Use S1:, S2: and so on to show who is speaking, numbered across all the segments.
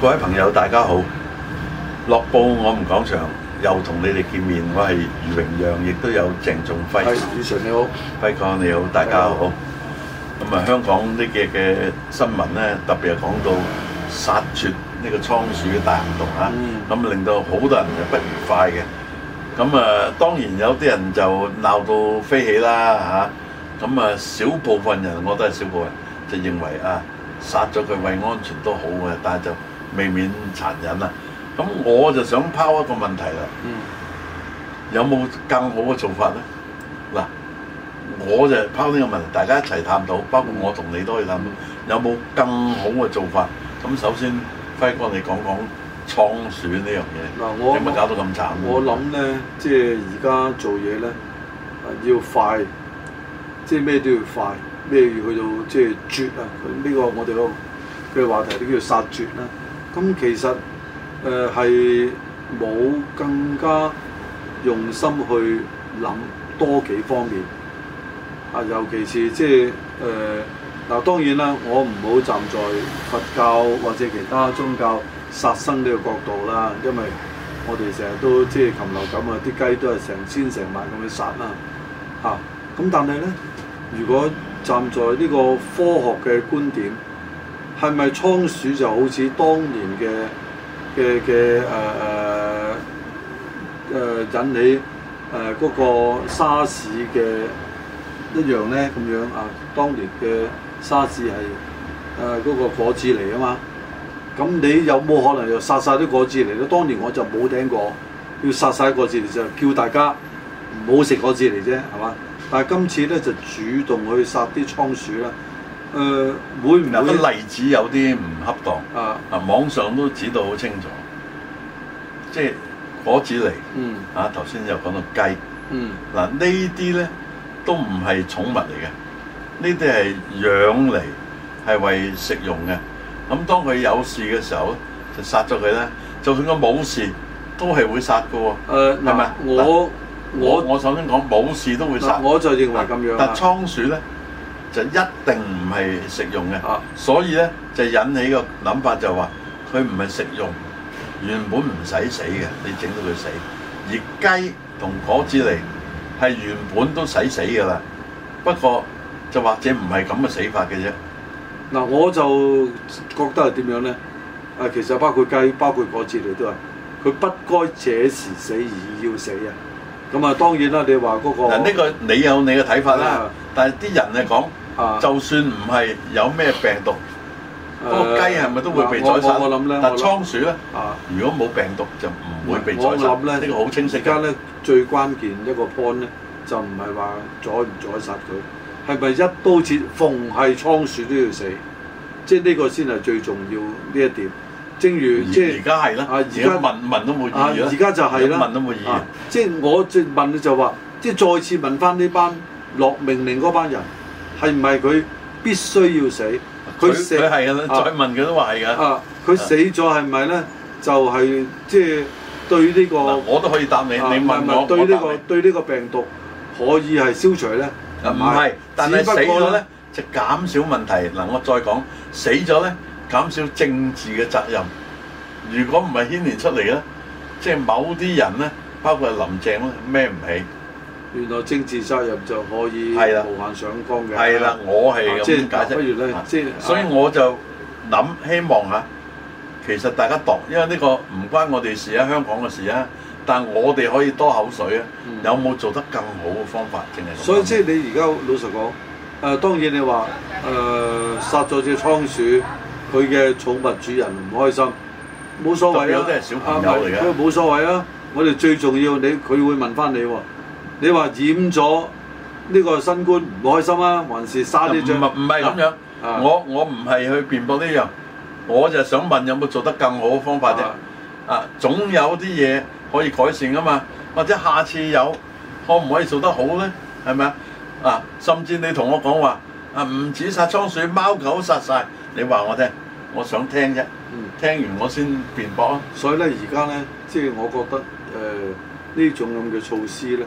S1: 各位朋友，大家好！樂報我們講場又同你哋見面，我係余榮陽，亦都有鄭仲輝。係，主席你好，輝哥你好，大家好。咁啊尚，香港呢嘅嘅新聞咧，特別係講到殺絕呢個倉鼠嘅大行動嚇，咁、嗯、令到好多人就不愉快嘅。咁啊，當然有啲人就鬧到飛起啦嚇。咁啊，少部分人我都係少部分人就認為啊，殺咗佢為安全都好嘅，但係就～未免殘忍啊！咁我就想拋一個問題啦，嗯、有冇更好嘅做法咧？嗱，我就拋呢個問題，大家一齊探討，包括我同你都可以諗到有冇更好嘅做法？咁首先，輝哥你講講倉鼠呢樣嘢，嗯、有冇搞到咁慘？嗯、我諗咧，即係而家做嘢咧，要快，即係咩都要快，咩要去到即係、就是、絕啊！呢、呢個我哋、嗰個嘅話題都叫殺絕啦。咁其實誒係冇更加用心去諗多幾方面啊，尤其是即係誒嗱，當然啦，我唔好站在佛教或者其他宗教殺生呢個角度啦，因為我哋成日都即係禽流感啊，啲雞都係成千成萬咁去殺啊，嚇！咁但係呢，如果站在呢個科學嘅觀點，係咪倉鼠就好似當年嘅嘅嘅誒誒誒引起誒嗰個沙士嘅一樣咧咁樣啊？當年嘅沙士係誒嗰個果子狸啊嘛，咁你有冇可能又殺晒啲果子狸咧？當年我就冇聽過，要殺晒果子狸就叫大家唔好食果子狸啫，係嘛？但係今次咧就主動去殺啲倉鼠啦。誒，會唔有啲例子有啲唔恰當啊？網上都指到好清楚，即係果子狸，嗯，啊，頭先又講到雞，嗯，嗱呢啲咧都唔係寵物嚟嘅，呢啲係養嚟係為食用嘅，咁當佢有事嘅時候就殺咗佢啦，就算佢冇事都係會殺噶喎。誒，係咪？我我我首先講冇事都會殺，我就認為咁樣。但倉鼠咧？就一定唔係食用嘅，啊、所以咧就引起個諗法就話佢唔係食用，原本唔使死嘅，你整到佢死。而雞同果子狸係原本都使死嘅啦，不過就或者唔係咁嘅死法嘅啫。嗱、啊，我就覺得係點樣咧？啊，其實包括雞、包括果子狸都話佢不該這時死而要死啊！咁啊，當然啦，你話嗰、嗰個嗱，呢、啊呢個你有你嘅睇法啦。啊但係啲人啊講，就算唔係有咩病毒，嗰、啊、個雞係咪都會被宰殺？我我諗咧，呢但係倉鼠咧，想如果冇病毒就唔會被宰殺。咧，呢個好清晰呢。而家咧最關鍵一個 point 咧，就唔係話宰唔宰殺佢，係咪一刀切，逢係倉鼠都要死？即係呢個先係最重要呢一點。正如即係而家係啦，而家在問問都冇意義。而家就係啦，問都冇意義。即係我即係問你就話，即係再次問翻呢班。落命令嗰班人，係唔係佢必須要死？佢佢係啊，再問佢都話係嘅。佢死咗係咪咧？就係即係對呢、這個、啊、我都可以答你。啊、你問我，是我對呢、這個對呢個病毒可以係消除咧？唔係、啊，不但係是 死咗咧就減少問題。嗱，我再講，死咗咧減少政治嘅責任。如果唔係牽連出嚟咧，即係某啲人咧，包括林鄭咧，孭唔起。原來政治責任就可以無限上綱嘅，係啦的、嗯，我係咁樣解釋。不如咧，即、就、係、是、的所以我就諗希望啊，其實大家度，因為呢、這個唔關我哋事啊，香港嘅事啊，但係我哋可以多口水啊，嗯、有冇做得更好嘅方法？正係。所以即係你而家老實講，誒、呃、當然你話誒、呃、殺咗隻倉鼠，佢嘅寵物主人唔開心，冇所謂啊。有啲係小朋友嚟嘅，冇、啊啊、所謂啊。我哋最重要你，你佢會問返你喎、啊，你話染咗呢個新冠唔開心啊？還是殺呢張？物？唔係咁樣，啊、我我唔係去辯駁呢樣，我就想問有冇做得更好嘅方法啫？啊，啊，總有啲嘢可以改善噶嘛？或者下次有可唔可以做得好呢？係咪啊？甚至你同我講話啊，唔止殺倉鼠，貓狗殺晒。你話我聽，我想聽啫。嗯，聽完我先辯駁、啊、所以呢，而家呢，即係我覺得誒呢、呃、種咁嘅措施咧。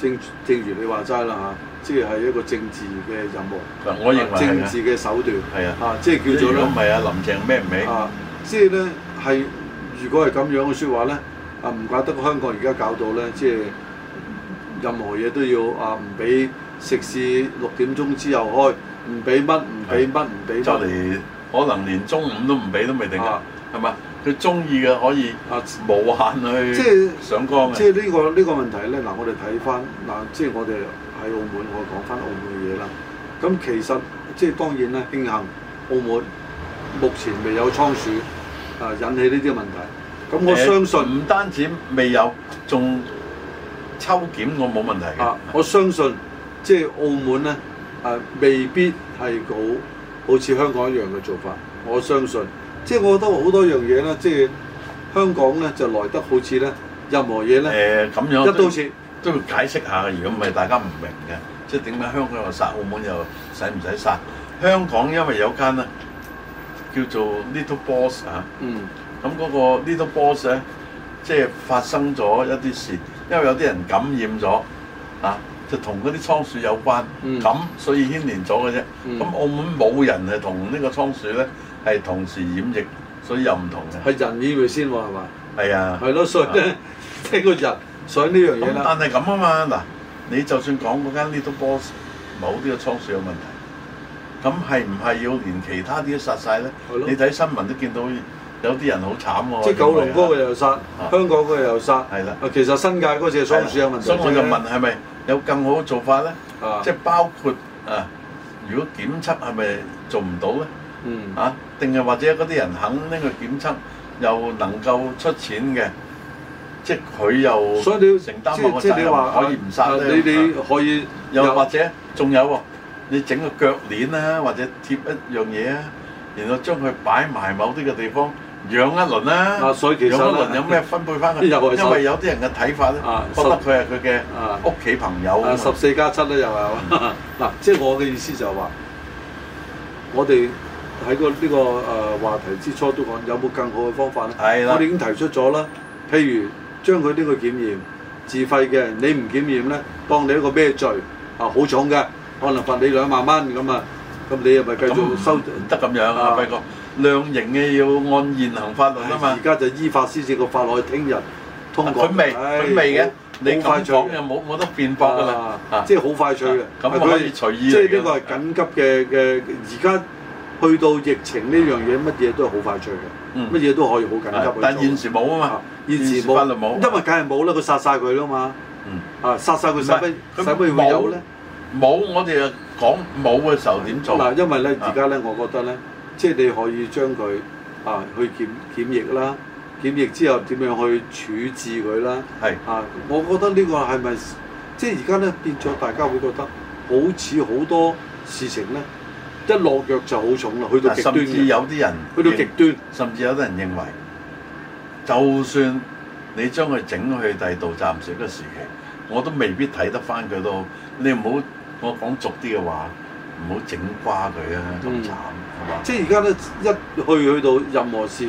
S1: 正正如你話齋啦嚇，即係一個政治嘅任務。我認為政治嘅手段係啊，啊即係叫做唔係啊，林鄭咩唔明？啊，即係咧，係如果係咁樣嘅説話咧，啊唔怪得香港而家搞到咧，即係任何嘢都要啊唔俾食肆六點鐘之後開，唔俾乜，唔俾乜，唔俾。我哋可能連中午都唔俾都未定㗎，係嘛、啊？佢中意嘅可以啊無限去上崗嘅。即係呢、呢個呢、呢個問題咧，嗱我哋睇翻嗱，即係我哋喺澳門，我講翻澳門嘅嘢啦。咁其實即係當然啦，慶幸澳門目前未有倉鼠啊引起呢啲問題。
S2: 咁我相
S1: 信唔、欸、單止未有，仲抽檢我冇問題嘅、啊。我相信即係澳門咧，誒、啊、未必係好好似香港一樣嘅做法。我相信。即係我覺得好多樣嘢咧，即係香港咧就來得好似咧，任何嘢咧誒咁樣都，一到時都要解釋下，如果唔係大家唔明嘅，即係點解香港又殺，澳門又使唔使殺？香港因為有間咧叫做 Little Boss 嚇、嗯，咁嗰個 Little Boss 咧，即係發生咗一啲事，因為有啲人感染咗啊，就同嗰啲倉鼠有關，咁、嗯、所以牽連咗嘅啫。咁、嗯、澳門冇人係同呢個倉鼠咧。係同時染疫，所以又唔同嘅。係人以為先喎，係嘛？係啊。係咯，所以咧，呢個人所以呢樣嘢啦。但係咁啊嘛，嗱，你就算講嗰間 Little Boss 某啲嘅倉鼠有問題，咁係唔係要連其他啲都殺曬咧？係咯。你睇新聞都見到有啲人好慘喎。即係九龍嗰個又殺，香港嗰個又殺。係啦。啊，其實新界嗰隻倉鼠有問題咧。所以我就問係咪有更好嘅做法咧？啊，即係包括啊，如果檢測係咪做唔到咧？嗯。啊！定係或者嗰啲人肯拎去檢測，又能夠出錢嘅，即係佢又所以你要承擔某個責任，你話可以唔殺咧？你你可以又或者仲有喎？你整個腳鏈啊，或者貼一樣嘢啊，然後將佢擺埋某啲嘅地方養一輪啦。啊，所以其實咧，有咩分配翻嘅？因為有啲人嘅睇法咧，覺得佢係佢嘅屋企朋友啊，十四加七咧又係啦。嗱，即係我嘅意思就係話，我哋。喺個呢個誒話題之初都講有冇更好嘅方法咧？係喇，我哋已經提出咗啦。譬如將佢呢個檢驗自費嘅，你唔檢驗咧，當你一個咩罪啊？好重嘅，可能罰你兩萬蚊咁啊。咁你又咪繼續收唔得咁樣啊？費哥量刑嘅要按現行法律啊嘛。而家就依法施設個法去，聽日通過。佢未佢未嘅，好快冇冇得變法噶嘛？即係好快脆嘅，咁可以隨意即係呢個係緊急嘅嘅，而家。去到疫情呢樣嘢，乜嘢都係好快脆嘅，乜嘢都可以好緊急、嗯。但現時冇啊嘛，現時冇，因為梗係冇啦，佢殺晒佢啦嘛。啊，殺晒佢，使乜？會有咧，冇。我哋講冇嘅時候點做？嗱，因為咧，而家咧，我覺得咧，即係你可以將佢啊去檢檢疫啦，檢疫之後點樣去處置佢啦？係是啊，我覺得呢個係咪即係而家咧變咗？大家會覺得好似好多事情咧。一落藥就好重啦，去到極端。甚至有啲人去到極端，甚至有啲人認為，就算你將佢整去第二度，暫時嘅時期，我都未必睇得翻佢到。你唔好我講俗啲嘅話，唔好整瓜佢啊！咁慘，係嘛？即係而家咧，一去去到任何事，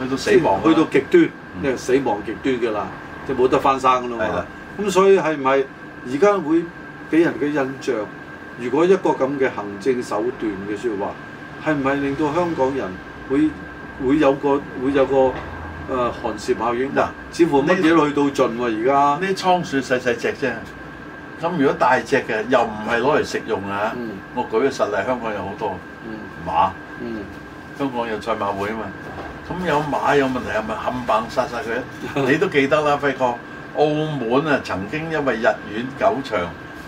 S1: 去到死亡，去到極端，即係死亡極端㗎啦，即冇得翻生㗎啦嘛。咁所以係咪而家會俾人嘅印象？如果一個咁嘅行政手段嘅説話，係唔係令到香港人會會有個會有個誒寒蟬效應嗱，似乎乜嘢去到盡喎，啊，而家呢倉鼠細細隻啫。咁如果大隻嘅，又唔係攞嚟食用啊？嗯、我舉個實例，香港有好多馬，嗯嗯、香港有賽馬會啊嘛。咁有馬有問題係咪冚棒殺晒佢？你都記得啦，輝哥，澳門啊曾經因為逸園狗場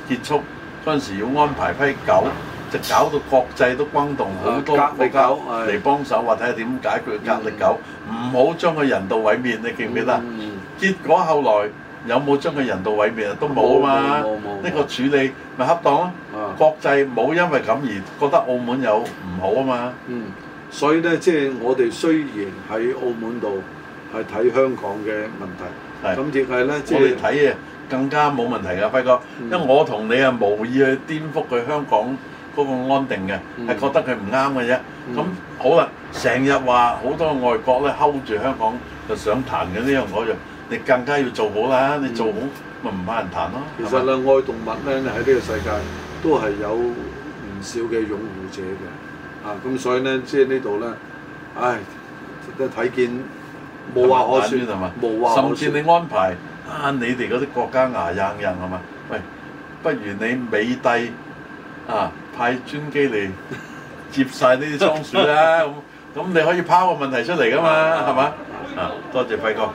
S1: 結束。嗰陣時要安排批狗，就搞到國際都轟動好多，格力狗嚟幫手話睇下點解決格力狗，唔好將佢人道毀滅，你記唔記得？結果後來有冇將佢人道毀滅啊？都冇啊嘛。呢個處理咪恰當咯。國際冇因為咁而覺得澳門有唔好啊嘛。嗯，所以咧，即係我哋雖然喺澳門度係睇香港嘅問題，咁亦係咧，即係睇嘢。更加冇問題嘅輝哥，因為我同你啊無意去顛覆佢香港嗰個安定嘅，係、嗯、覺得佢唔啱嘅啫。咁、嗯、好啦，成日話好多外國咧睺住香港就想彈嘅呢樣嗰樣，嗯、你更加要做好啦。你做好咪唔、嗯、怕人彈咯。其實咧愛動物咧喺呢個世界都係有唔少嘅擁護者嘅。啊，咁所以呢，即係呢度呢，唉，都睇見無話可說係嘛？無話吧甚至你安排。啊！你哋嗰啲國家牙硬人係嘛？喂，不如你美帝、啊、派專機嚟接曬呢啲倉鼠啦咁， 咁你可以拋個問題出嚟㗎嘛？係嘛？ 啊，多謝輝哥。